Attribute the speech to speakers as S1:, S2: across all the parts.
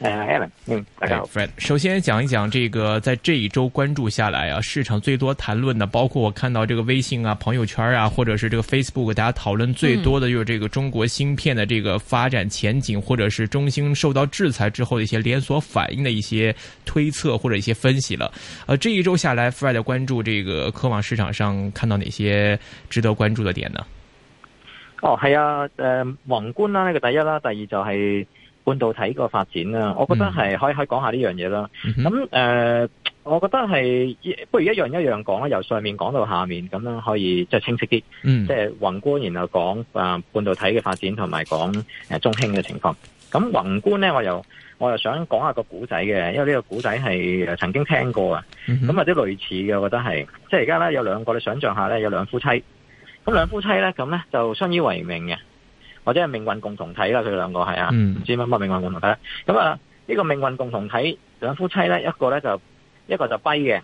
S1: 嗯、Hey,
S2: Fred, 首先講一講這個，在這一周關注下來啊，市場最多談論的，包括我看到這個微信啊、朋友圈啊，或者是這個 Facebook，大家討論最多的，就是這個中國芯片的這個發展前景，嗯、或者是中興受到制裁之後的一些連鎖反應的一些推測或者一些分析了。呃，這一周下來，Fred 關注這個科網市場上，看到哪些值得關注的點呢？哦，
S1: 係啊，呃，宏觀啦呢個第一啦、啊，第二就係、是。半導體個發展啦，我覺得係、嗯、可以可以講下呢樣嘢啦。咁、嗯、誒、呃，我覺得係不如一樣一樣講啦，由上面講到下面，咁樣可以即係清晰啲、嗯，即係宏觀然後講誒、呃、半導體嘅發展同埋講誒中興嘅情況。咁宏觀咧，我又我又想講下個古仔嘅，因為呢個古仔係誒曾經聽過啊。咁有啲類似嘅，我覺得係即係而家咧有兩個，你想象下咧有兩夫妻，咁兩夫妻咧咁咧就相依為命嘅。或者係命運共同體啦，佢哋兩個係啊，嗯，唔知乜乜命運共同體啦。咁啊，呢個命運共同體兩夫妻咧，一個咧就一個就跛嘅，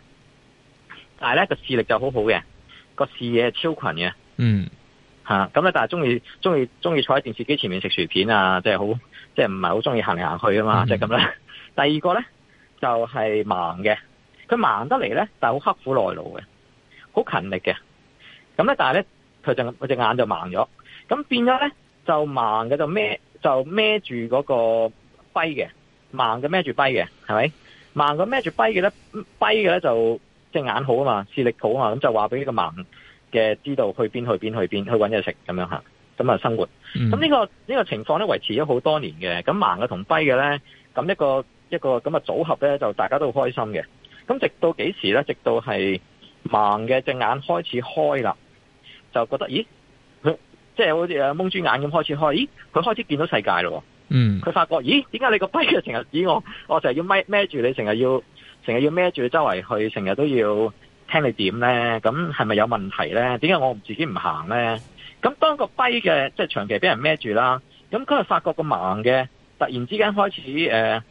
S1: 但係咧個視力就好好嘅，個視野超群嘅。嗯，
S3: 吓
S1: 咁咧，但係中意中意中意坐喺電視機前面食薯片啊，即係好即係唔係好中意行嚟行去啊嘛，即係咁啦。就是、呢 第二個咧就係盲嘅，佢盲得嚟咧，但係好刻苦耐勞嘅，好勤力嘅。咁咧，但係咧佢就佢隻眼就盲咗，咁變咗咧。就盲嘅就孭就孭住嗰個跛嘅，盲嘅孭住跛嘅，係咪盲嘅孭住跛嘅咧。跛嘅咧就隻眼好啊嘛，視力好啊嘛，咁就話俾呢個盲嘅知道，去邊去邊去邊去搵嘢食，咁樣吓咁，啊生活咁呢、嗯這個呢、這個情況咧維持咗好多年嘅。咁盲嘅同跛嘅咧咁一個一個咁啊組合咧就大家都好開心嘅。咁直到幾時咧，直到係盲嘅隻眼開始開啦，就覺得咦？即係好似蒙豬眼咁開始開，咦？佢開始見到世界咯。嗯。佢發覺咦？點解你個跛嘅成日咦我？我成日要孭住你，成日要成日要孭住你周圍去，成日都要聽你點咧？咁係咪有問題咧？點解我自己唔行咧？咁當個跛嘅即係長期俾人孭住啦。咁佢發覺個盲嘅突然之間開始誒、呃，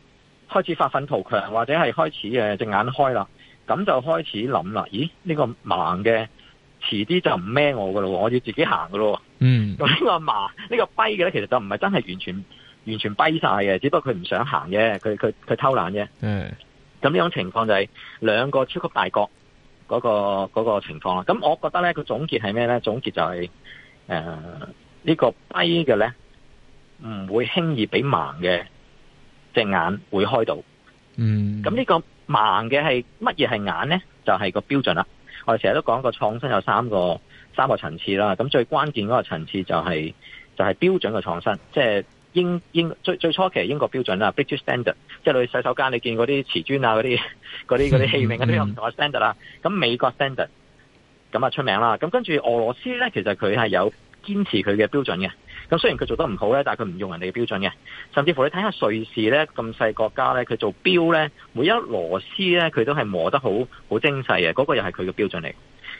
S1: 開始發奮圖強，或者係開始誒隻、呃、眼開啦。咁就開始諗啦。咦？呢、這個盲嘅遲啲就唔孭我噶咯，我要自己行噶咯。嗯，咁、呢、呢個盲呢、呢個跛嘅咧，其實就唔係真係完全完全跛晒嘅，只不過佢唔想行嘅，佢佢佢偷懶啫。嗯，咁呢種情況就係兩個超級大國嗰、嗰個、嗰個情況啦。咁我覺得咧，個總結係咩咧？總結就係、係、誒、呃呢個、呢個跛嘅咧，唔會輕易俾盲嘅隻眼會開到。嗯，
S3: 咁
S1: 呢個盲嘅係乜嘢係眼咧？就係、係、個標準啦。我哋成日都講個創新有三個。三個層次啦，咁最關鍵嗰個層次就係、是、就係、是、標準嘅創新，即、就、係、是、英英最最初期係英國標準啦，British standard，即係你去洗手間你見嗰啲瓷磚啊嗰啲嗰啲嗰啲器皿嗰啲有唔同嘅 standard 啦、嗯，咁美國 standard 咁啊出名啦，咁跟住俄羅斯咧，其實佢係有堅持佢嘅標準嘅，咁雖然佢做得唔好咧，但係佢唔用人哋嘅標準嘅，甚至乎你睇下瑞士咧咁細國家咧，佢做標咧，每一螺絲咧佢都係磨得好好精細嘅，嗰、那個又係佢嘅標準嚟。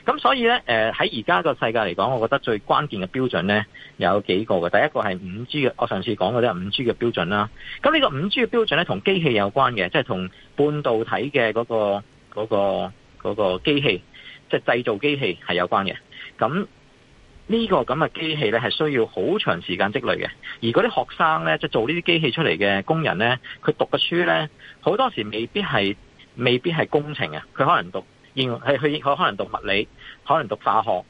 S1: 咁所以咧，誒喺而家個世界嚟講，我覺得最關鍵嘅標準咧有幾個嘅。第一個係五 G 嘅，我上次講嗰啲係五 G 嘅標準啦。咁呢個五 G 嘅標準咧，同機器有關嘅，即係同半導體嘅嗰個、嗰個、嗰個機器，即係製造機器係有關嘅。咁呢個咁嘅機器咧，係需要好長時間積累嘅。而嗰啲學生咧，即係做呢啲機器出嚟嘅工人咧，佢讀嘅書咧，好多時未必係未必係工程啊，佢可能讀。然係佢可能讀物理，可能讀化學，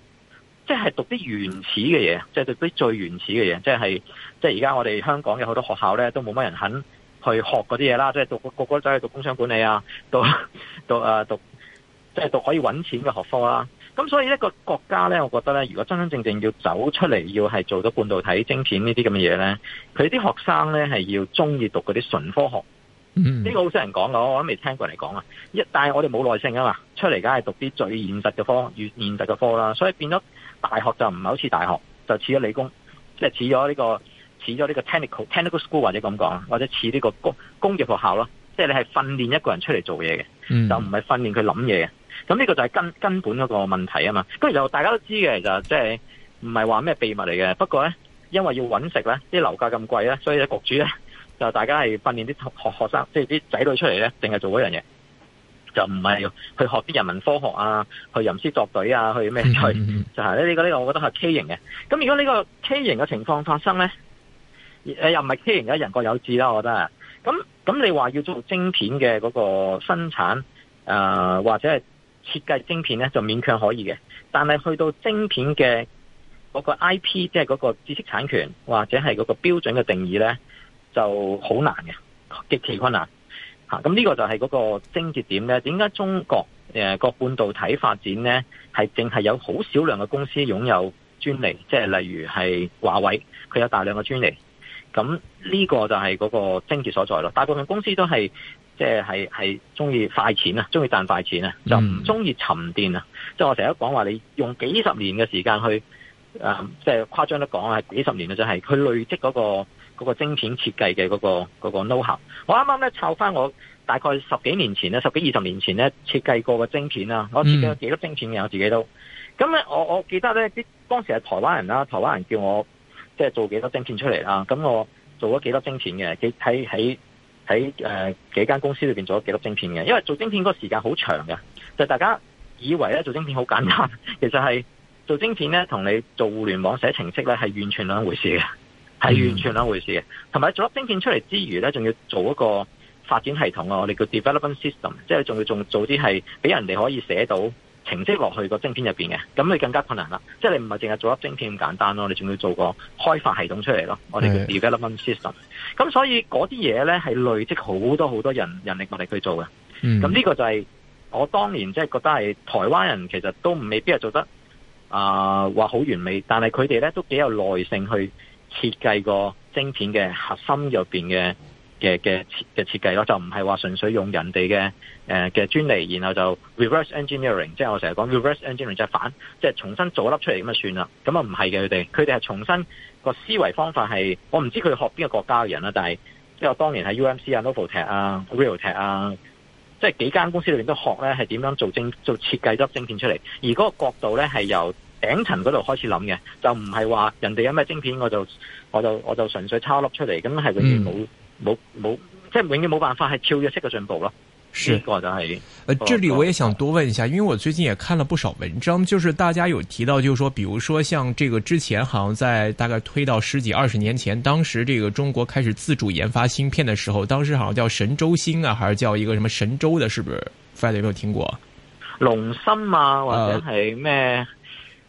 S1: 即係讀啲原始嘅嘢，即係讀啲最原始嘅嘢，即係即係而家我哋香港有好多學校咧，都冇乜人肯去學嗰啲嘢啦，即係讀個個都走去讀工商管理啊，讀讀啊讀，即係讀可以搵錢嘅學科啦。咁所以一個國家咧，我覺得咧，如果真真正正要走出嚟，要係做到半導體晶片呢啲咁嘅嘢咧，佢啲學生咧係要中意讀嗰啲純科學。呢、嗯這個好少人講噶，我我都未聽過人哋講啊！一但係我哋冇耐性啊嘛，出嚟梗係讀啲最現實嘅科，越現實嘅科啦，所以變咗大學就唔係好似大學，就似咗理工，即係似咗呢個、似咗呢個 technical technical school 或者咁講，或者似呢個工工業學校咯。即係你係訓練一個人出嚟做嘢嘅，嗯，就唔係訓練佢諗嘢嘅。咁呢個就係根根本嗰個問題啊嘛。跟住就大家都知嘅就即係唔係話咩秘密嚟嘅？不過咧，因為要揾食咧，啲樓價咁貴咧，所以局主咧。就大家係訓練啲學學生，即係啲仔女出嚟咧，淨係做嗰樣嘢，就唔係去學啲人文科學啊，去吟詩作對啊，去咩去， 就係呢個呢個，我覺得係畸形嘅。咁如果呢個畸形嘅情況發生咧，誒又唔係畸形嘅，人各有志啦，我覺得。咁咁你話要做晶片嘅嗰個生產啊、呃，或者係設計晶片咧，就勉強可以嘅。但係去到晶片嘅嗰個 IP，即係嗰個知識產權或者係嗰個標準嘅定義咧。就好難嘅，極其困難吓。咁、啊、呢個就係嗰個症結點咧。點解中國誒個、呃、半導體發展咧係淨係有好少量嘅公司擁有專利？即係例如係華為，佢有大量嘅專利。咁呢個就係嗰個症結所在咯。大部分公司都係即係係係中意快錢啊，中意賺快錢啊，就唔中意沉澱啊。即、嗯、係我成日講話，你用幾十年嘅時間去誒，即係誇張得講啊，係幾十年嘅就係、是、佢累積嗰、那個。嗰、那個晶片設計嘅嗰、那個嗰、那個 know-how，我啱啱咧湊返我大概十幾年前咧，十幾二十年前咧設計過嘅晶片啊，我設計咗幾粒晶片嘅，我自己都。咁咧，我我記得咧，啲當時係台灣人啦，台灣人叫我即係做幾多晶片出嚟啦，咁我做咗幾多晶片嘅，喺喺喺誒幾間公司裏面做咗幾粒晶片嘅、呃，因為做晶片嗰個時間好長嘅，就大家以為咧做晶片好簡單，其實係做晶片咧同你做互聯網寫程式咧係完全兩回事嘅。係完全兩回事嘅，同埋做粒晶片出嚟之餘呢，仲要做一個發展系統啊！我哋叫 development system，即係你仲要仲做啲係俾人哋可以寫到程式落去個晶片入邊嘅，咁你更加困難啦！即係你唔係淨係做粒晶片咁簡單咯，你仲要做個開發系統出嚟咯！我哋叫 development system。咁所以嗰啲嘢呢，係累積好多好多人人力物力去做嘅。咁、嗯、呢個就係我當年即係覺得係台灣人其實都未必係做得啊話好完美，但係佢哋呢都幾有耐性去。設計個晶片嘅核心入邊嘅嘅嘅設嘅設計咯，就唔係話純粹用人哋嘅誒嘅專利，然後就 reverse engineering，即係我成日講 reverse engineering，即係反，即係重新做一粒出嚟咁就算啦，咁啊唔係嘅佢哋，佢哋係重新個思維方法係，我唔知佢學邊個國家嘅人啦，但係即係我當年喺 UMC 啊、Novatek 啊、Realtek 啊，即係幾間公司裏邊都學咧，係點樣做晶做設計粒晶片出嚟，而嗰個角度咧係由，頂層嗰度開始諗嘅，就唔係話人哋有咩晶片，我就我就我就純粹抄粒出嚟，咁係永遠冇冇冇，即係永遠冇辦法係跳躍式嘅進步咯。是，這個就係、是。誒、呃，這裏我
S2: 也想多問一下，因為我最近也看了不少文章，就是大家有提到，就是說，比如說像這個之前，好像在大概推到十幾二十年前，當時這個中國開始自主研發芯片的時候，當時好像叫神州星啊，還是叫一個什麼神州的，是不是？friend 有冇有聽過？
S1: 龍芯啊，或者係咩、呃？什麼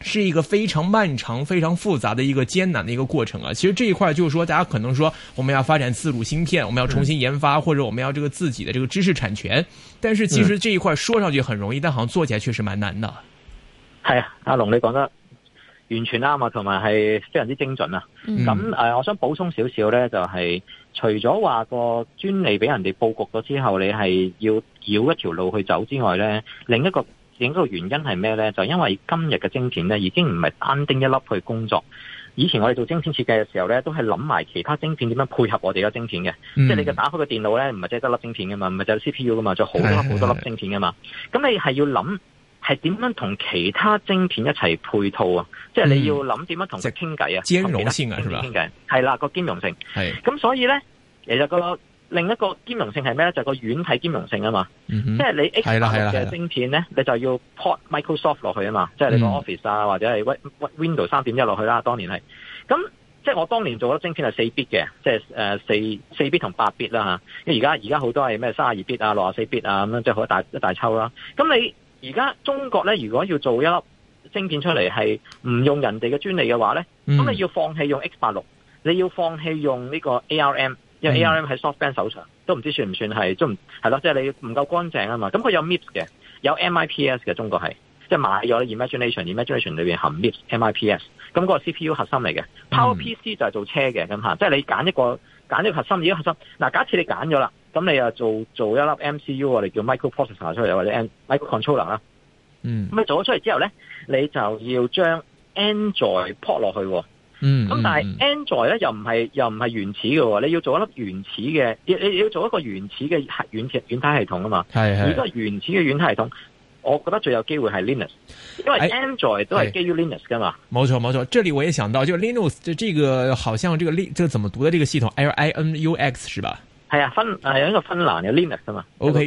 S2: 是一個非常漫長、非常複雜的一個艱難的一個過程啊！其實這一塊就是說，大家可能說我們要發展自主芯片，我們要重新研發，或者我們要這個自己的這個知識產權，但是其實這一塊說上去很容易，但好像做起來確實蠻難的、
S1: 嗯。係啊，阿龍你講得完全啱啊，同埋係非常之精準啊。咁誒、呃，我想補充少少呢，就係除咗話個專利俾人哋布局咗之後，你係要繞一條路去走之外呢，另一個。整個原因係咩咧？就因為今日嘅晶片咧，已經唔係單丁一粒去工作。以前我哋做晶片設計嘅時候咧，都係諗埋其他晶片點樣配合我哋嘅晶片嘅、嗯。即係你嘅打開個電腦咧，唔係只得粒晶片噶嘛，唔係只有 CPU 噶嘛，仲有好多好多粒晶片噶嘛。咁你係要諗係點樣同其他晶片一齊配套啊？即、嗯、係、就是、你要諗點樣同佢傾偈啊？兼容性傾偈係啦，嗰個兼容性係。咁所以咧，其、就、嗰、是那個。另一個兼容性係咩咧？就個、是、軟體兼容性啊嘛，
S3: 即、嗯、係、就是、你 X 八六嘅晶
S1: 片咧，你就要 port Microsoft 落去啊嘛，即、就、係、是、你個 Office 啊，嗯、或者係 Windows 三點一落去啦。當年係，咁即係我當年做咗晶片係四 bit 嘅，即係誒四四 bit 同八 bit 啦吓。而家而家好多係咩三十二 bit 啊，六十四 bit 啊咁樣，即係好大一大抽啦。咁你而家中國咧，如果要做一粒晶片出嚟係唔用人哋嘅專利嘅話咧，咁、嗯、你要放棄用 X 八六，你要放棄用呢個 ARM。因為 ARM 喺 softbank 手上，都唔知算唔算係，都唔係咯，即係、就是、你唔夠乾淨啊嘛。咁佢有 MIPS 嘅，有 MIPS 嘅中國係，即係買咗 imagination imagination 裏面含 MIPS MIPS，咁個 CPU 核心嚟嘅 PowerPC 就係做車嘅咁嚇，即係你揀一個揀一個核心，呢個核心嗱假設你揀咗啦，咁你又做做一粒 MCU，我哋叫 microprocessor 出嚟，或者 microcontroller 啦。嗯。咁你做咗出嚟之後咧，你就要將 Android port 落去。嗯，咁但係 Android 咧又唔係、嗯、又唔係原始嘅，你要做一粒原始嘅，你你要做一個原始嘅係軟軟體系統啊嘛，係係而這個原始嘅軟體系統，我覺得最有機會係 Linux，因為 Android 都係基於 Linux 噶嘛，哎
S2: 哎、冇錯冇錯。這裏我也想到就 Linux，就這個好像這個 L，這怎麼讀的？這個系統 L I N U X 是吧？
S1: 係啊，芬係有一個芬蘭嘅 Linux 噶嘛？OK。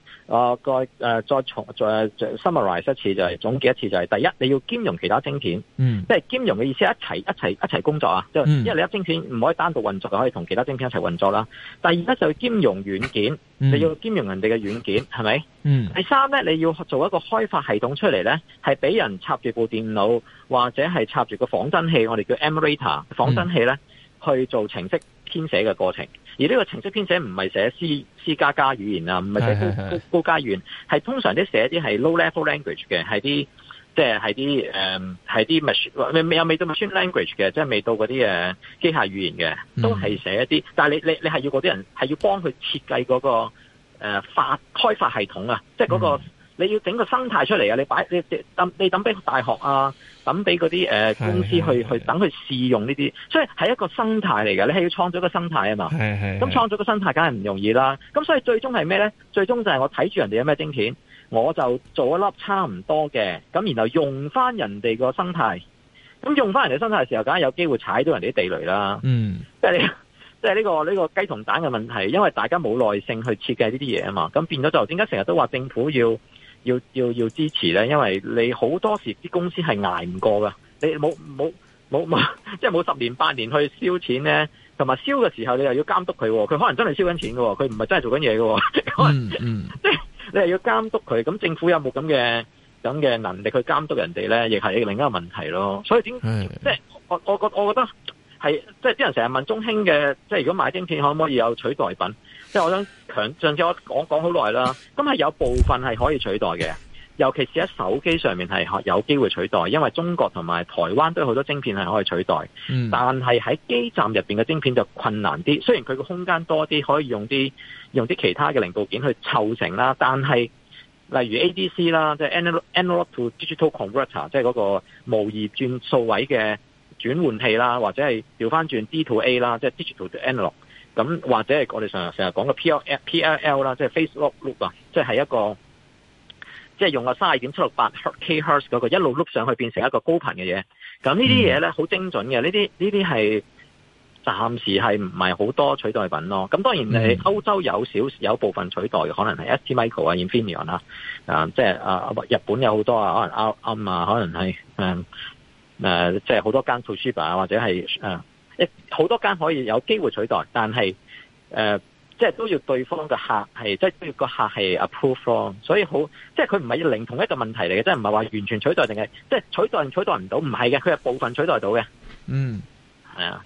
S1: 我、呃、再誒再重再 summarize 一次就係、是、總結一次就係、是、第一你要兼容其他晶片，嗯，即係兼容嘅意思一齊一齊一齊工作啊，即、嗯、因為你一晶片唔可以單獨運作，就可以同其他晶片一齊運作啦。第二咧就係兼容軟件，嗯、你要兼容人哋嘅軟件，係咪？嗯。第三咧你要做一個開發系統出嚟咧，係俾人插住部電腦或者係插住個仿真器，我哋叫 emulator 仿真器咧、嗯、去做程式編寫嘅過程，而呢個程式編寫唔係寫 C C 加加語言啊，唔係寫高高階語言，係通常啲寫啲係 low level language 嘅，係啲即係係啲誒係啲 machine 未未有未到 machine language 嘅，即係未到嗰啲誒機械語言嘅，都係寫一啲，嗯、但係你你你係要嗰啲人係要幫佢設計嗰個誒、呃、發開發系統啊，即係嗰個。嗯你要整個生態出嚟啊！你擺你等你等俾大學啊，等俾嗰啲誒公司去是是是去等佢試用呢啲，所以係一個生態嚟㗎。你係要創造一個生態啊嘛。
S3: 咁創造
S1: 一個生態梗係唔容易啦。咁所以最終係咩呢？最終就係我睇住人哋有咩晶片，我就做一粒差唔多嘅。咁然後用翻人哋個生態，咁用翻人哋生態嘅時候，梗係有機會踩到人哋啲地雷啦。嗯、這個。即係即係呢個呢個雞同蛋嘅問題，因為大家冇耐性去設計呢啲嘢啊嘛。咁變咗就，點解成日都話政府要？要要要支持咧，因為你好多時啲公司係挨唔過噶你冇冇冇即係冇十年八年去燒錢咧，同埋燒嘅時候你又要監督佢，佢可能真係燒緊錢噶，佢唔係真係做緊嘢噶，
S3: 可能即
S1: 係你又要監督佢，咁政府有冇咁嘅咁嘅能力去監督人哋咧？亦係另一個問題咯。所以點、嗯、即係我我覺我覺得係即係啲人成日問中興嘅，即係如果買晶片可唔可以有取代品？即係我想強，上次我講我講好耐啦，咁係有部分係可以取代嘅，尤其是喺手機上面係有機會取代，因為中國同埋台灣都有好多晶片係可以取代。但係喺基站入面嘅晶片就困難啲。雖然佢個空間多啲，可以用啲用啲其他嘅零部件去湊成啦，但係例如 ADC 啦，即係 analog to digital converter，即係嗰個模擬轉數位嘅轉換器啦，或者係調翻轉 D to A 啦，即係 digital to analog 咁或者係我哋成日成日講嘅 PLL 啦，即係 Facebook loop 啊，即係一個即係、就是、用、那個32.768 kHz 嗰個一路碌上去變成一個高頻嘅嘢。咁呢啲嘢咧好精準嘅，呢啲呢啲係暫時係唔係好多取代品咯。咁當然你歐洲有少有部分取代嘅，可能係 ST Micro 啊、Infineon 啊，就是、啊即係啊日本有好多、um, 啊，可能啱啊，可能係誒誒即係好多間 computer 啊，或者係誒。好多間可以有機會取代，但係誒、呃，即係都要對方嘅客係，即係都要個客係 approve from，所以好，即係佢唔係要另同一個問題嚟嘅，即係唔係話完全取代定係，即係取代取代唔到，唔係嘅，佢係部分取代到嘅，嗯，係啊。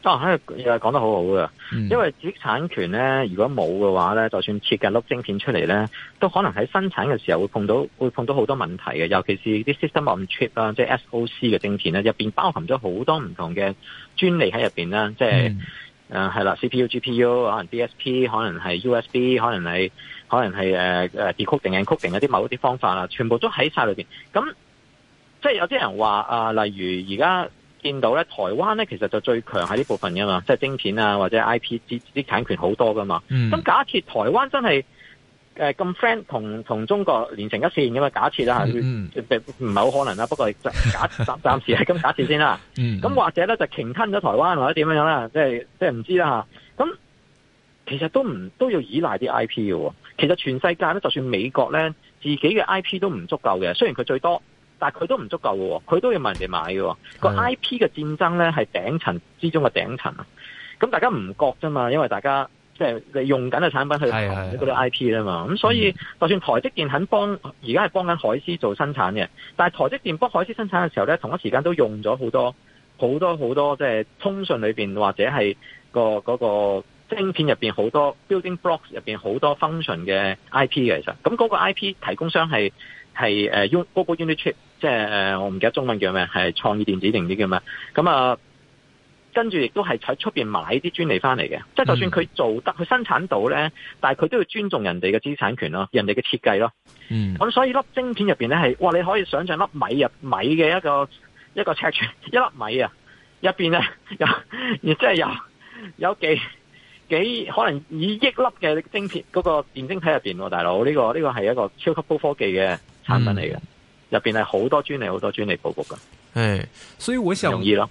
S1: 啊，當然講得好好噶，因為知識產權咧，如果冇嘅話咧，就算設計粒晶片出嚟咧，都可能喺生產嘅時候會碰到會碰到好多問題嘅，尤其是啲 system-on-chip 啦，即係 SOC 嘅晶片咧，入邊包含咗好多唔同嘅專利喺入邊啦，即係誒係啦，CPU、GPU，可能 DSP，可能係 USB，可能係可能係誒誒、uh, decode 定 encode 定嗰啲某啲方法啦，全部都喺晒裏邊。咁即係有啲人話啊、呃，例如而家。見到咧，台灣咧其實就最強喺呢部分噶嘛，即係晶片啊或者 I P 知識產權好多噶嘛。咁假設台灣真係誒咁 friend 同同中國連成一線噶嘛，假設啦吓，唔係好可能啦。不過暫暫暫時係咁假設先啦。咁或者咧就鯨吞咗台灣或者點樣樣啦，即係即係唔知啦吓。咁其實都唔都要依賴啲 I P 嘅。其實全世界咧，就算美國咧自己嘅 I P 都唔足夠嘅。雖然佢最多，但係佢都唔足夠嘅，佢都要問人哋買嘅個 IP 嘅戰爭呢，係頂層之中嘅頂層。咁大家唔覺啫嘛，因為大家即係用緊嘅產品去嗰啲 IP 啊嘛。咁所以、嗯、就算台積電肯幫，而家係幫緊海思做生產嘅，但係台積電幫海思生產嘅時候呢，同一時間都用咗好多好多好多，即係通訊裏面或者係個嗰、嗰個晶片入面好多 building blocks 入面好多 function 嘅 IP 嘅，其實咁嗰、嗰個 IP 提供商係。係誒，Global Unichip，即係誒，我唔記得中文叫咩，係創意電子定啲叫咩。咁、嗯、啊，跟住亦都係喺出邊買啲專利翻嚟嘅，即、嗯、係就算佢做得，佢生產到咧，但係佢都要尊重人哋嘅資產權咯，人哋嘅設計咯。嗯，咁所以粒晶片入邊咧，係哇，你可以想象粒米入米嘅一個一個,一個尺寸，一粒米啊，入邊咧有亦即係有有幾幾,幾可能以億粒嘅晶片嗰、那個電晶體入邊，大佬呢、這個呢、這個係一個超級高科技嘅。產品嚟嘅，入邊係好多專利，好多專利保護嘅，
S2: 係，所以我想容易咯。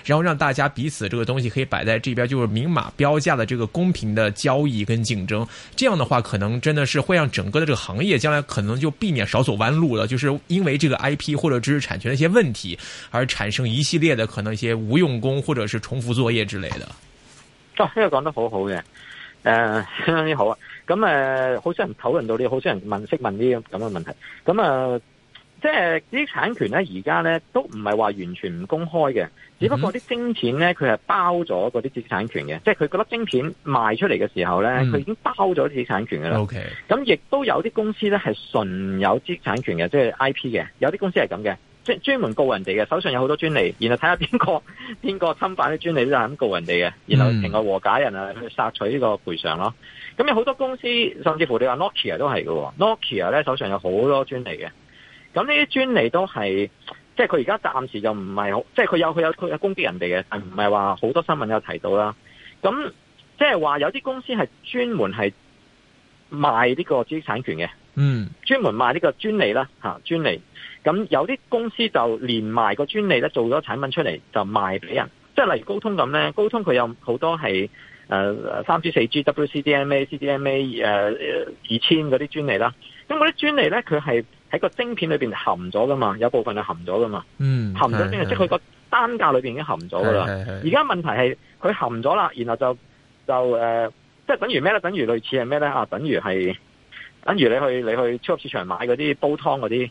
S2: 然後讓大家彼此這個東西可以擺在這邊，就是明碼標價的這個公平的交易跟競爭。這樣的話，可能真的是會讓整個的這個行業將來可能就避免少走彎路了。就是因為這個 IP 或者知識產權的一些問題，而產生一系列的可能一些無用功或者是重複作業之類的、
S1: 啊。呢、這個講得好好嘅，誒、呃，好啊。咁誒，好少人討論到呢，好少人問，識問啲咁嘅問題。咁啊。呃即係啲產權咧，而家咧都唔係話完全唔公開嘅，只不過啲晶片咧，佢係包咗嗰啲知識產權嘅。即係佢覺得晶片賣出嚟嘅時候咧，佢、嗯、已經包咗啲知識產權嘅啦。咁、okay。亦都有啲公司咧係純有知識產權嘅，即係 I P 嘅。有啲公司係咁嘅，專專門告人哋嘅，手上有好多專利，然後睇下邊個邊個侵犯啲專利都係咁告人哋嘅、嗯，然後成個和解人啊，去索取呢個賠償咯。咁有好多公司，甚至乎你話 Nokia 都係嘅，Nokia 咧手上有好多專利嘅。咁呢啲專利都係，即係佢而家暫時就唔係好，即係佢有佢有佢有攻擊人哋嘅，但唔係話好多新聞有提到啦。咁即係話有啲公司係專門係賣呢個知識產權嘅，嗯，專門賣呢個專利啦、啊，專利。咁有啲公司就連賣個專利咧，做咗產品出嚟就賣俾人，即係例如高通咁咧，高通佢有好多係呃、3G、4G、WCDMA、CDMA、呃、2000嗰啲專利啦。咁嗰啲專利咧，佢係。喺個晶片裏邊含咗噶嘛，有部分係含咗噶嘛。嗯、
S3: 含咗邊？是是是即係
S1: 佢個單價裏邊已經含咗噶啦。而家問題係佢含咗啦，然後就就誒、呃，即係等於咩咧？等於類似係咩咧？啊，等於係等於你去你去超級市場買嗰啲煲湯嗰啲，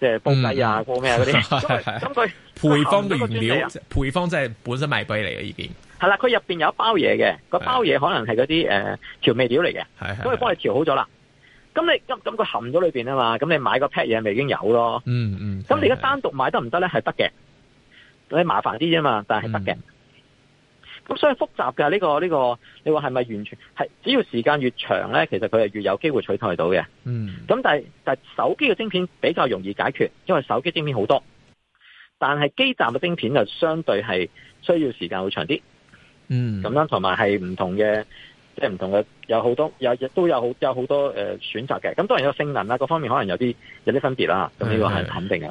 S1: 即係煲雞啊，煲咩嗰啲。咁
S2: 佢配方嘅原料，配、啊、方真係本身賣俾你嘅，呢邊
S1: 係啦。佢入邊有一包嘢嘅，個包嘢可能係嗰啲誒調味料嚟嘅，咁佢幫你調好咗啦。咁你咁咁佢含咗裏邊啊嘛，咁你買個 pad 嘢，咪已經有咯，嗯嗯，咁你而家單獨買得唔得咧？係得嘅，你麻煩啲啫嘛，但係係得嘅。咁、嗯、所以複雜嘅呢個呢個，你話係咪完全係？只要時間越長咧，其實佢係越有機會取代到嘅。嗯，咁但係但係手機嘅晶片比較容易解決，因為手機晶片好多，但係基站嘅晶片就相對係需要時間會長
S3: 啲。
S1: 嗯，咁同埋係唔同嘅。即係唔同嘅，有好多，有亦都有好，有好多誒、呃、選擇嘅。咁當然有性能啦，各方面可能有啲有啲分別啦。咁呢個係肯定嘅。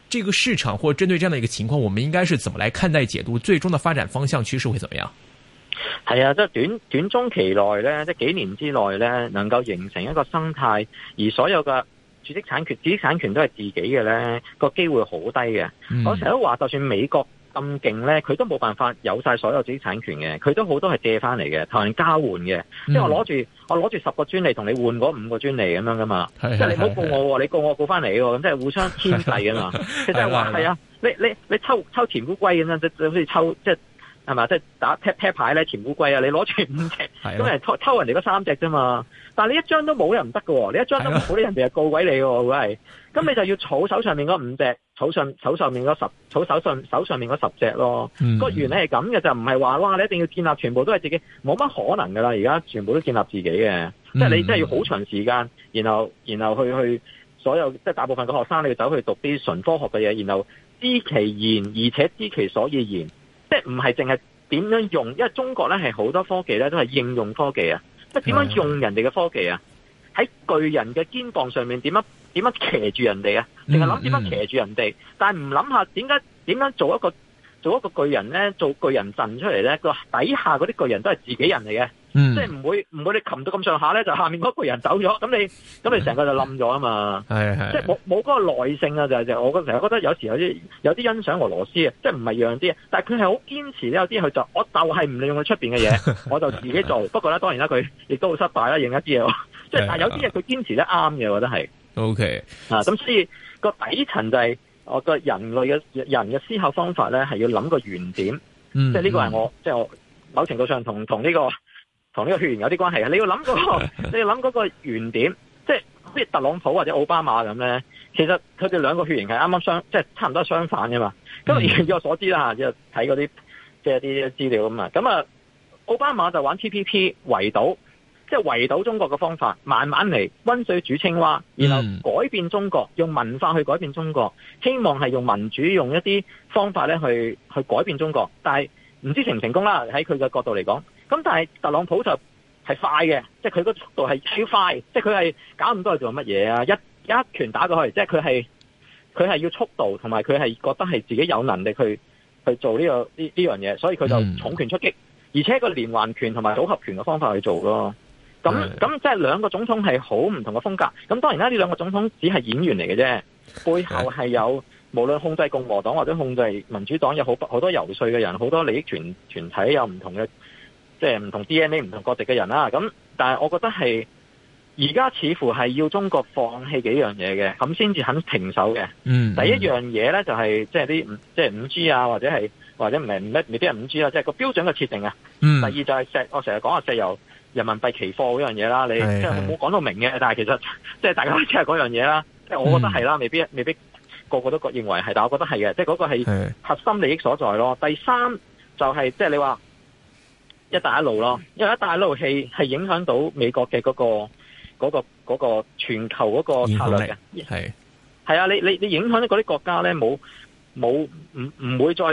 S2: 這個市場或針對這樣的一個情況，我們應該是怎麼來看待、解讀，最終的發展方向趨勢會怎麼樣？
S1: 係啊，即係短短中期內呢，即幾年之內呢，能夠形成一個生態，而所有嘅知識產權、知識產權都係自己嘅呢，個機會好低嘅。我成日都話，就算美國。咁勁咧，佢都冇辦法有晒所有知識產權嘅，佢都好多係借翻嚟嘅，同人交換嘅。即、嗯、係我攞住，我攞住十個專利同你換嗰五個專利咁樣噶嘛。即係你唔好告我喎、哦，你告我告翻嚟喎，咁即係互相牽制啊嘛。即係話係啊，你你你抽抽田烏龜咁樣，即好似抽即係係嘛，即、就、係、是就是、打啤啤牌咧田烏龜啊，你攞住五隻，咁人偷偷人哋嗰三隻啫嘛。但係你一張都冇又唔得嘅喎，你一張都冇咧人哋又告鬼你喎，如係。咁你就要儲手上面嗰五隻，儲上手上面嗰十，儲手上手上面嗰十隻咯。嗯，那個原理係咁嘅，就唔係話哇你一定要建立全部都係自己，冇乜可能噶啦。而家全部都建立自己嘅，即、嗯、係、就是、你真係要好長時間，然後然後去去所有即係、就是、大部分嘅學生你要走去讀啲純科學嘅嘢，然後知其然而且知其所以然，即係唔係淨係點樣用，因為中國咧係好多科技咧都係應用科技啊，
S3: 即係點樣用
S1: 人哋嘅科技啊。喺巨人嘅肩膀上面點樣點樣騎住人哋啊？
S3: 淨係諗點樣騎
S1: 住人哋、嗯嗯，但係唔諗下點解點樣做一個做一個巨人咧？做巨人陣出嚟咧，個底下嗰啲巨人都係自己人嚟嘅，即係唔會唔會你擒到咁上下咧，就下面嗰巨人走咗，咁你咁你成個就冧咗啊嘛！係係，即係冇冇嗰個耐性啊！就就我成日覺得有時有啲有啲欣賞俄羅斯啊，即係唔係讓啲，但係佢係好堅持咧，有啲佢就，我就係唔利用佢出邊嘅嘢， 我就自己做。不過咧，當然啦，佢亦都好失敗啦，認一啲嘢。即係， 但係有啲嘢佢堅持得啱嘅，okay. 啊就是，我覺得係。O K. 啊，咁所以個底層就係我個人類嘅人嘅思考方法咧，係要諗個原點。
S3: 嗯，即係呢個
S1: 係我、嗯、即係我某程度上同同呢個同呢個血型有啲關係啊！你要諗個， 你要諗嗰個，個原點，即係好似特朗普或者奧巴馬咁咧，其實佢哋兩個血型係啱啱相，即係差唔多相反嘅嘛。咁、嗯、以我所知啦嚇，睇嗰啲即係啲資料啊嘛。咁啊，奧巴馬就玩 T P P 圍堵即係圍堵中國嘅方法，慢慢嚟，溫水煮青蛙，然後改變中國，用文化去改變中國，希望係用民主，用一啲方法咧去去改變中國。但係唔知成唔成功啦。喺佢嘅角度嚟講，咁但係特朗普就係快嘅，即係佢個速度係超快，即係佢係搞咁多做乜嘢啊？一一拳打過去，即係佢係佢係要速度，同埋佢係覺得係自己有能力去去做呢個呢呢樣嘢，所以佢就重拳出擊，嗯、而且一個連環拳同埋組合拳嘅方法去做咯。咁咁即係兩個總統係好唔同嘅風格，咁當然啦，呢兩個總統只係演員嚟嘅啫，背後係有無論控制共和黨或者控制民主黨有好好多游說嘅人，好多利益團團體有唔同嘅，即係唔同 DNA 唔同國籍嘅人啦。咁但係我覺得係而家似乎係要中國放棄幾樣嘢嘅，咁先至肯停手嘅。嗯，第一樣嘢咧就係，即係啲即係五 G 啊，或者係或者唔係未必未必係五 G 啊，即係個標準嘅設定啊。嗯，第二就係石我成日講話石油。人民幣期貨嗰樣嘢啦，你即係冇講到明嘅，但係其實即係大家都知係嗰樣嘢啦。
S3: 即係我覺得係
S1: 啦、嗯未，未必未必個個都覺認為係，但我覺得係嘅，即係嗰個係核心利益所在囉。第三就係、係、即係你話一帶一路囉，因為一帶一路係係影響到美國嘅嗰個嗰個嗰個嗰個全球嗰個策略嚟嘅，係係啊！你影響到嗰啲國家咧，冇冇唔唔會再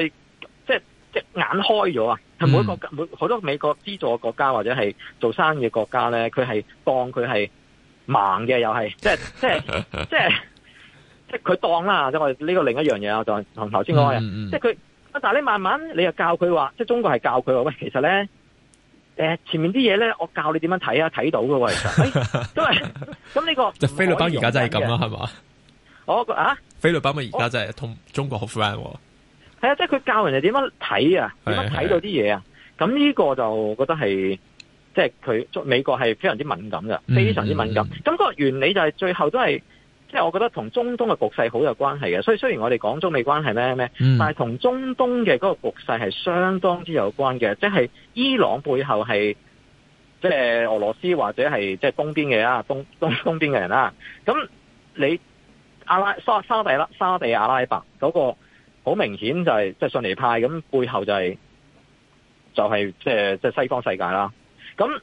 S1: 即係隻眼開咗啊！係、嗯、每個每好多美國資助國家或者係做生意嘅國家咧，佢係當佢係盲嘅，又係即係即係即係即係佢當啦。即係呢、 這個另一樣嘢啊，我就係同頭先講嘅，即係佢。但係你慢慢，你又教佢話，即係中國係教佢話，喂，其實咧，誒、呃，前面啲嘢咧，我教你點樣睇啊，睇到噶喎，其實，都係咁呢個。就菲律賓而家真係咁啦，係嘛？我 啊，
S2: 菲律賓咪而家真係同中國好 friend。
S1: 係啊，即係佢教人哋點樣睇啊，點樣睇到啲嘢啊，咁呢個就覺得係，即係佢美國係非常之敏感嘅，非常之敏感。咁、嗯，個原理就係最後都係，即係我覺得同中東嘅局勢好有關係嘅。所以雖然我哋講中美關係咩咩，但係同中東嘅嗰個局勢係相當之有關嘅。即係，嗯，伊朗背後係，即係俄羅斯或者係即係東邊嘅人東東東邊嘅人啦。咁你阿拉沙沙地啦，沙地，沙地阿拉伯嗰個。好明顯就係即係信尼派，咁背後就係就係即係即係西方世界啦。咁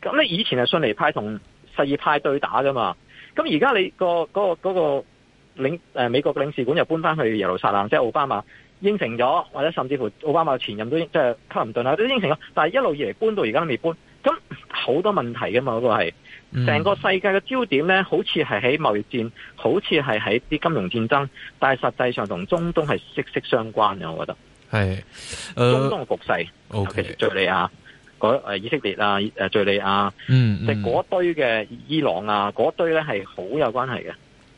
S1: 咁咧以前係信尼派同實業派對打噶嘛。咁而家你個嗰個嗰個領、呃、美國嘅領事館又搬翻去耶路撒冷，即係奧巴馬應承咗，或者甚至乎奧巴馬前任都即係克林頓啦都應承咗。但係一路以嚟搬到而家都未搬，咁好多問題嘅嘛嗰個係。成個世界嘅焦點咧，好似係喺貿易戰，好似係喺啲金融戰爭，但係實際上同中東係息息相關嘅，我覺得係、呃、中東嘅局勢，Okay. 尤其是敘利亞、誒以色列啊、誒敘利亞，嗯，嗯即係嗰堆嘅伊朗啊，嗰堆咧係好有關係嘅。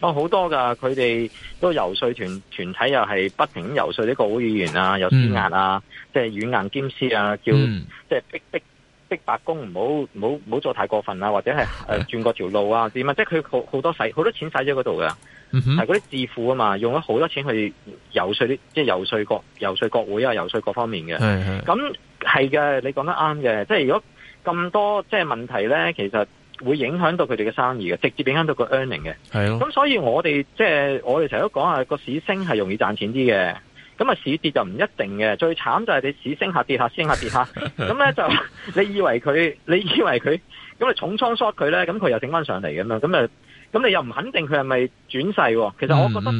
S1: 哦、好多噶，佢哋都遊說團團體又係不停遊說啲國會議員啊，有施壓啊，嗯、即係軟硬兼施啊，叫、嗯、即係逼逼逼白宮唔好唔好唔好做太過分啊，或者係誒轉過條路啊，點啊，即係佢好好多使好多錢使咗嗰度噶，係嗰啲智庫啊嘛，用咗好多錢去遊說啲即係遊說國遊說國會啊，遊說各方面嘅。咁係嘅，你講得啱嘅，即係如果咁多即係問題咧，其實。會影響到佢哋嘅生意嘅，直接影響到個 earning 嘅。係咯，咁所以我哋即係我哋成日都講下個市升係容易賺錢啲嘅，咁啊市跌就唔一定嘅。最慘就係你市升下跌下升下跌下，咁 咧就你以為佢，你以為佢，咁你，你重倉 short 佢咧，咁佢又整翻上嚟噉樣。咁啊，咁你又唔肯定佢係咪轉勢。其實我覺得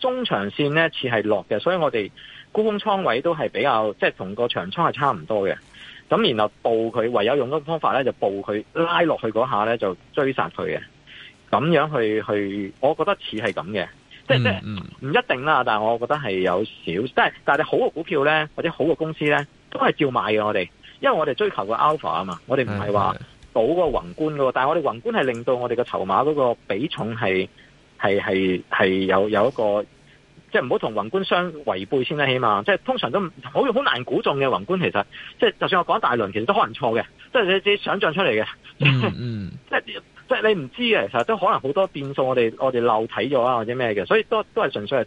S1: 中長線呢似係落嘅，所以我哋沽空倉位都係比較即係同個長倉係差唔多嘅。咁然後報佢，唯有用嗰個方法咧就報佢，拉落去嗰下咧就追殺佢嘅，咁樣去去，我覺得似係咁嘅，即係即係唔一定啦，但係我覺得係有少，即係但係好嘅股票咧或者好嘅公司咧都係照買嘅，我哋，因為我哋追求個 alpha 啊嘛，我哋唔係話賭個宏觀嘅，但係我哋宏觀係令到我哋嘅籌碼嗰個比重係係係係有有一個。即係唔好同宏觀相違背先啦，起碼即係通常都好好難估中嘅宏觀，其實即係就算我講大輪，其實都可能錯嘅，Mm-hmm. 即係你你想象出嚟嘅，即係即係你唔知嘅，其實都可能好多變數，我哋我哋漏睇咗啊或者咩嘅，所以都都係純粹係。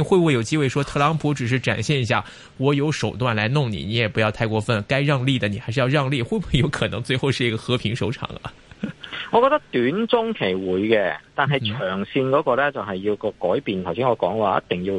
S2: 會唔會有機會說特朗普只是展現一下我有手段來弄你？你也不要太過分，該讓利的你還是要讓利。會唔會有可能最後是一個和平收場啊？
S1: 我覺得短中期會嘅，但係長線嗰個呢，就係要個改變。頭、嗯、先我講話一定要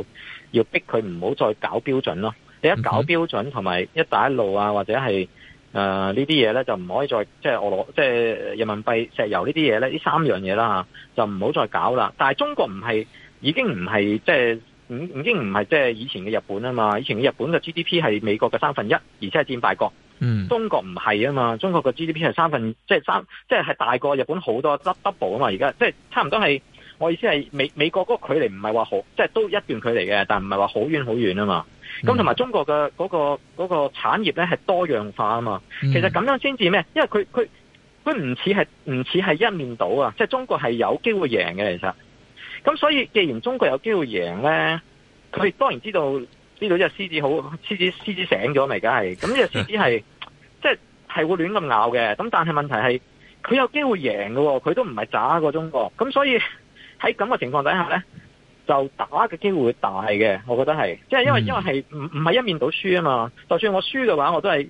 S1: 要逼佢唔好再搞標準咯。你一搞標準同埋、嗯、一帶一路啊，或者係誒呢啲嘢呢，呃、就唔可以再即係俄羅即係人民幣石油呢啲嘢呢，呢三樣嘢啦就唔好再搞啦。但係中國唔係已經唔係即係。五已經唔係即係以前嘅日本啊嘛，以前嘅日本嘅 GDP 係美國嘅三分一，而且係戰敗國。嗯，中國唔係啊嘛，中國嘅 GDP 係三分，即係三，即係係大過日本好多 double 啊嘛，而家即係差唔多係。我意思係美美國嗰個距離唔係話好，即係都一段距離嘅，但唔係話好遠好遠啊嘛。咁同埋中國嘅嗰個嗰個產業咧係多樣化啊嘛、嗯。其實咁樣先至咩？因為佢佢佢唔似係唔似係一面倒啊！即係中國係有機會贏嘅，其實。咁所以，既然中國有機會贏呢，佢當然知道知道隻獅子好，獅子獅子醒咗咪？梗係咁，隻獅子係 即係會亂咁咬嘅。咁但係問題係佢有機會贏嘅，佢都唔係差過中國。咁所以喺咁嘅情況底下呢，就打嘅機會會大嘅，我覺得係。即係因為、嗯、因為係唔唔係一面倒輸啊嘛。就算我輸嘅話，我都係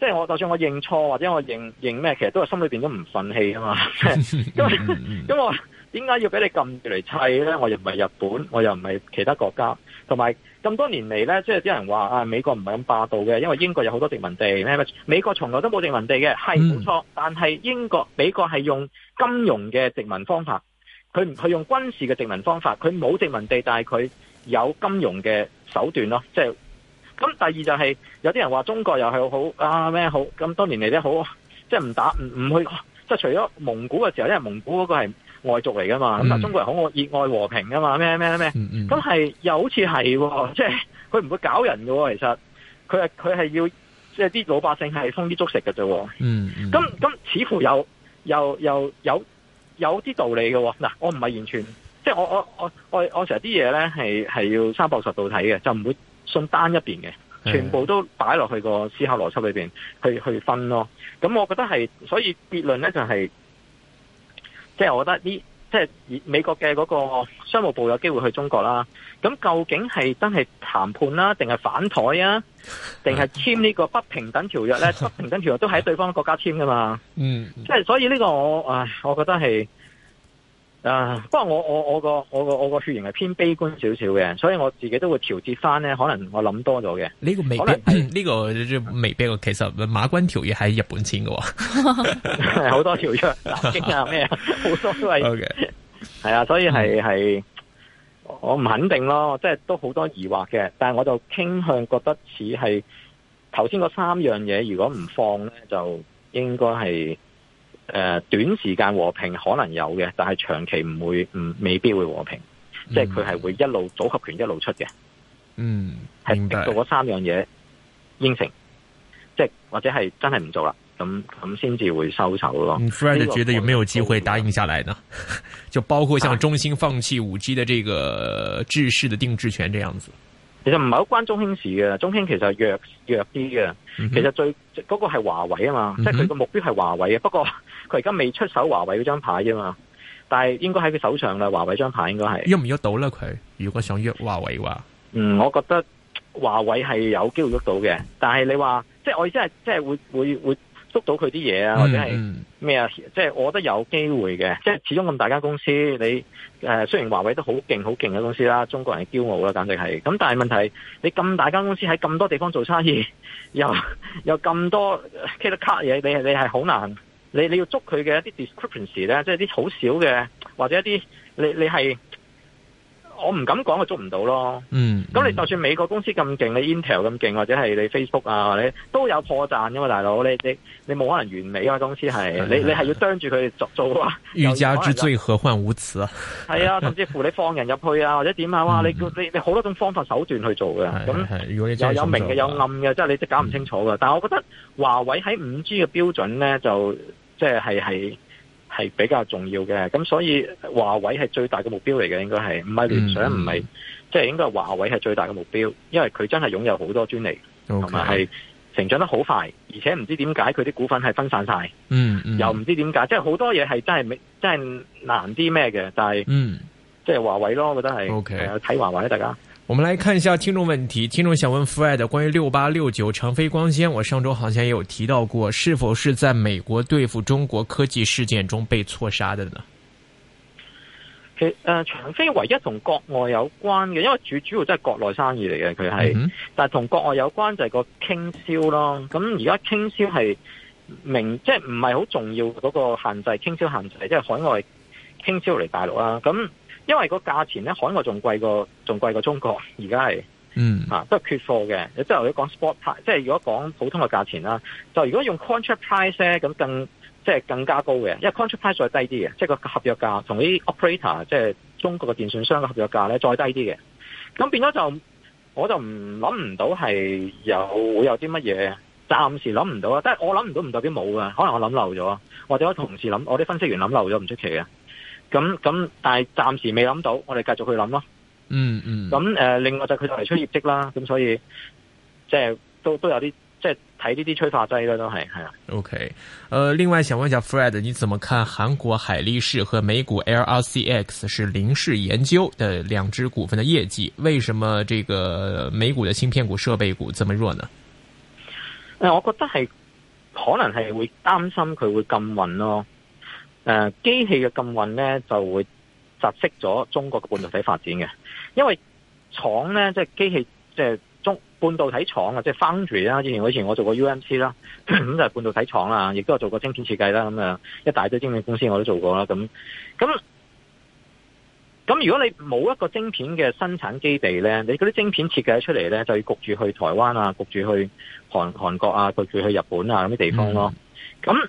S1: 即係我就算我認錯或者我認認咩，其實都係心裏邊都唔忿氣啊嘛。
S3: 因
S1: 為、 嗯 嗯點解要俾你撳嚟砌咧？我又唔係日本，我又唔係其他國家。同埋咁多年嚟咧，即係啲人話啊，美國唔係咁霸道嘅，因為英國有好多殖民地。美國從來都冇殖民地嘅，係冇錯。但係英國、美國係用金融嘅殖民方法，佢唔佢用軍事嘅殖民方法，佢冇殖民地，但係佢有金融嘅手段咯。即係咁。第二就係、是、有啲人話中國又係、啊、好啊咩好咁多年嚟都好，即係唔打唔唔去。即、就、係、是、除咗蒙古嘅時候，因為蒙古嗰個係。外族嚟噶嘛？咁、嗯、嗱，但中國人好愛熱愛和平噶嘛？咩咩咩？咁係又好似係、哦，即係佢唔會搞人喎、哦。其實佢係佢係要，即係啲老百姓係豐衣足食㗎啫。嗯，咁、嗯、咁、嗯嗯、似乎有又又有有啲道理嘅。嗱，我唔係完全，即、就、係、是、我我我我我成日啲嘢咧係係要三百六十度睇嘅，就唔會信單一邊嘅、嗯，全部都擺落去個思考邏輯裏邊去去分咯。咁、嗯、我覺得係，所以結論咧就係、是。即係我覺得呢，即係美國嘅嗰個商務部有機會去中國啦。咁究竟係真係談判啦，定係反台啊，定係簽呢個不平等條約呢？ 不平等條約都喺對方國家簽噶嘛。嗯、嗯，即係所以呢個我，唉，我覺得係。啊、uh,，不過我我我個我個我個血型係偏悲觀少少嘅，所以我自己都會調節翻咧，可能我諗多咗嘅。呢、這個未必，
S2: 呢、哎這個未必。其實馬關條約喺
S3: 日本簽喎，
S1: 好 多條約，南京啊咩， 好多都係。係、okay. 啊，所以係係，我唔肯定咯，即係都好多疑惑嘅。但係我就傾向覺得似係頭先嗰三樣嘢，如果唔放咧，就應該係。誒、uh,，短時間和平可能有嘅，但係長期唔會，唔未必會和平，嗯、即係佢係會一路組合拳一路出
S3: 嘅。嗯，係做
S1: 嗰三樣嘢應承，即係或者係真係唔做啦，咁咁先至會收手咯。Frankie 覺得
S2: 有冇有機會答應下來呢？這個，就包括像中興放棄五 G 的這個制式的定制權這樣子。
S1: 其實唔係好關中興事嘅，中興其實弱弱啲嘅、嗯。其實最嗰、嗰個係華為啊嘛，嗯、即係佢個目標係華為嘅。不過佢而家未出手華為嗰張牌啫嘛，但係應該喺佢手上啦。華為張牌應該係喐唔喐
S2: 到咧？佢如果想約華為嘅話，
S1: 嗯，我覺得華為係有機會喐到嘅。但係你話，即係我意思係，即係會會會。會會捉到佢啲嘢啊，或者係咩啊？Mm-hmm. 即係我覺得有機會嘅，即係始終咁大間公司，你誒、呃，雖然華為都好勁、好勁嘅公司啦，中國人驕傲啦，簡直係。咁但係問題，你咁大間公司喺咁多地方做生意，又又咁多 cut 嘢，你你係好難，你你要捉佢嘅一啲 discrepancy 咧，即係啲好少嘅，或者一啲你你係。我唔敢講佢捉唔到咯。嗯，咁你就算美國公司咁勁，你 Intel 咁勁，或者係你 Facebook 啊，你都有破綻噶嘛，大佬。你你你冇可能完美啊公司係，你你係要釘住佢做做啊。欲加之
S2: 罪，何患無辭
S1: 啊。係啊，甚至乎你放人入去啊，或者點啊，哇、嗯！你你你好多種方法手段去做嘅。咁、嗯、
S2: 有、嗯、有明嘅，有
S1: 暗嘅，即係你即搞唔清楚㗎、嗯。但係我覺得華為喺五 G 嘅標準咧，就即係係係。就是係比較重要嘅，咁所以華為係最大嘅目標嚟嘅，應該係唔係聯想，唔係即係應該係華為係最大嘅目標，因為佢真係擁有好多專利，同埋係成長得好快，而且唔知點解佢啲股份係分散晒、嗯嗯，又唔知點解，即係好多嘢係真係真係難啲咩嘅，但係嗯即係華為咯，我覺得係，誒睇華為啦，大家。
S2: 我們來看一下聽眾問題，聽眾想問 Fred 關於六八六九長飛光纖，我上周好像也有提到過，是否是在美國對付中國科技事件中被錯殺的呢？其
S1: 實，呃，長飛唯一同國外有關嘅，因為主主要都係國內生意嚟
S3: 嘅，佢係、嗯嗯，
S1: 但係同國外有關就係個傾銷咯。咁而家傾銷係明，即係唔係好重要嗰個限制傾銷限制，即係海外傾銷嚟大陸啦。咁。因為個價錢咧，海外仲貴過，仲貴過中國，而家係，嗯，啊都係缺貨嘅。要 sport，即係如果你講 spot price，即係如果講普通嘅價錢啦，就如果用 contract price 咧，咁更即係更加高嘅。因為 contract price 再低啲嘅，即係個合約價同啲 operator 即係中國嘅電信商嘅合約價咧再低啲嘅。咁變咗就，我就唔諗唔到係有會有啲乜嘢，暫時諗唔到啊！但係我諗唔到唔代表冇啊，可能我諗漏咗，或者我同事諗，我啲分析員諗漏咗，唔出奇嘅。咁咁，但係暫時未諗到，我哋繼續去諗咯。嗯嗯。咁誒、呃，另外就佢就嚟出業績啦，咁所以即係都都有啲即係睇呢啲催化劑啦，都係係啊。
S2: OK，誒、呃，另外想問一下 Fred，你怎麼看韓國海力士和美股 LRCX 是零市研究的兩支股份的業績？為什麼這個美股的芯片股、設備股這麼弱呢？
S1: 誒、呃，我覺得係可能係會擔心佢會禁運咯。誒、uh,，機器嘅禁運咧就會窒息咗中國嘅半導體發展嘅，因為廠咧即係機器，即、就、係、是、中半導體廠啊，即、就、係、是、Foundry 啦。之前以前我做過 UMC 啦，咁 就係、是、半導體廠啦，亦都有做過晶片設計啦。咁、嗯、樣一大堆晶片公司我都做過啦。咁咁咁，如果你冇一個晶片嘅生產基地咧，你嗰啲晶片設計出嚟咧，就要焗住去台灣啊，焗住去韓韓國啊，焗住去日本啊咁啲地方咯。咁、嗯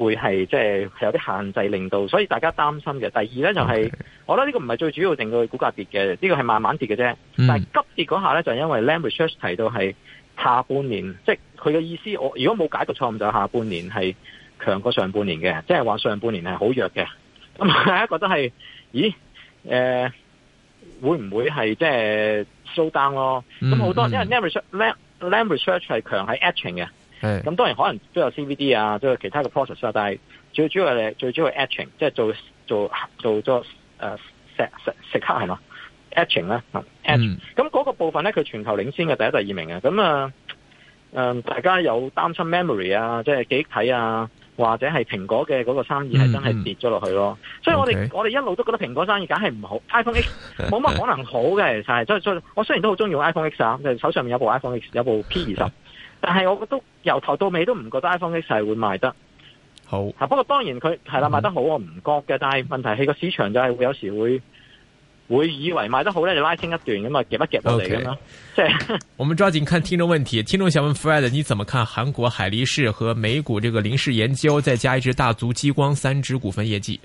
S1: 會係即係有啲限制令到，所以大家擔心嘅。第二咧就係、是，okay。我覺得呢個唔係最主要定佢股價跌嘅，呢、這個係慢慢跌嘅啫、嗯。但係急跌嗰下咧，就係、是、因為、Land、Research 提到係下半年，即係佢嘅意思。我如果冇解讀錯誤，就下半年係強過上半年嘅，即係話上半年係好弱嘅。咁大家覺得係，咦？誒、呃，會唔會係即係 slow down 咯？
S3: 咁、嗯、好多、嗯、
S1: 因為 Land Research Land Research 係強喺 action 嘅。咁當然可能都有 CVD 啊，都有其他嘅 process 啊，但係最主要係最主要係 etching，即係做做做咗誒蝕蝕蝕刻係嘛 etching 啦、啊、etching。咁、嗯、嗰、嗯、個部分咧，佢全球領先嘅第一、第二名啊。咁啊誒，大家有擔心 memory 啊，即係記憶體啊，或者係蘋果嘅嗰個生意係真係跌咗落去咯、嗯。所以我哋、okay? 我哋一路都覺得蘋果生意梗係唔好，iPhone X 冇乜可能好嘅，就 係我雖然都好中意用 iPhone X 啊，就手上面有部 iPhone X，有部 P 二十。但係我覺得由頭到尾都唔覺得 iPhone X 係會賣得好、啊、不過當然佢係啦，賣得好我唔覺嘅、嗯。但係問題係個市場就係會有時會會以為賣得好咧，就拉清一段噶嘛夾一夾到嚟，咁咯。即、okay. 係
S2: 我們抓緊看聽眾問題， 聽眾想問 Fred，你怎麼看韓國海力士和美股這個林市研究，再加一支大族激光三支股份業績？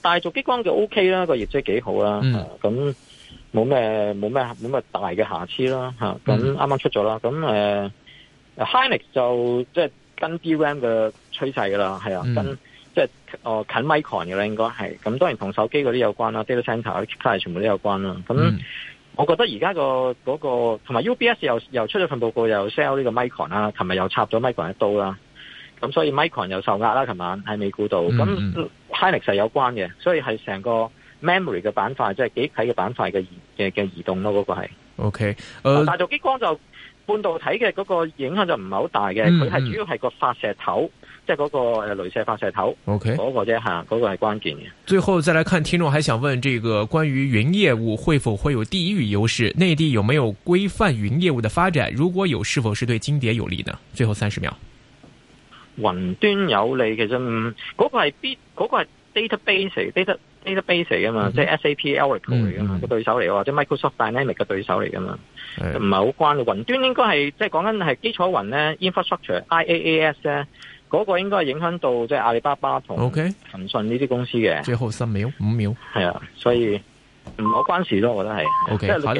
S1: 大、啊、族激光就 OK 啦，個業績幾好啦。咁冇咩冇咩冇咩大嘅瑕疵啦吓。咁啱啱出咗啦。咁、嗯、誒。啊呃 Hynix 就即係跟 DRAM 嘅趨勢噶啦，係啊，嗯、跟即係、呃、近 Micron 嘅咧，應該係咁。當然同手機嗰啲有關啦、嗯、Data Center 啲 chip 都係全部都有關啦。咁、嗯、我覺得而家、那個嗰、那個同埋 UBS 又又出咗份報告又，又 sell 呢個 Micron 啦，琴日又插咗 Micron 一刀啦。咁所以 Micron 又受壓啦，琴晚喺美股度。咁 Hynix 係有關嘅，所以係成個 memory 嘅板塊，即係幾體嘅板塊嘅移嘅嘅移動咯，嗰、那個係。O.K. 大、uh, 族激光就。半導體嘅嗰個影響就唔係好大嘅，佢、嗯、係主要係個發射頭，嗯、即係嗰個誒鐳射發射頭嗰、okay, 個啫、就、吓、是，啊那個係關鍵嘅。
S2: 最後再嚟看，聽眾還想問這個關於雲業務會否會有地域優勢？內地有沒有規範雲業務的發展？如果有，是否是對金蝶有利呢？最後三十秒，
S1: 雲端有利，其實嗰、嗯，那個係必嗰個係 database，database data，啊嘛，即係 SAP、Oracle 嚟噶嘛，個、嗯、對手嚟，或者 Microsoft Dynamic 嘅對手嚟噶嘛。唔係好關咯，雲端應該係即係講緊係基礎雲咧，infrastructure I A A S 咧，嗰個應該係影響到即係阿里巴巴同騰訊呢啲公司嘅。Okay.
S2: 最後三秒五秒係
S1: 啊，所以唔好關事咯，我覺得係。Okay.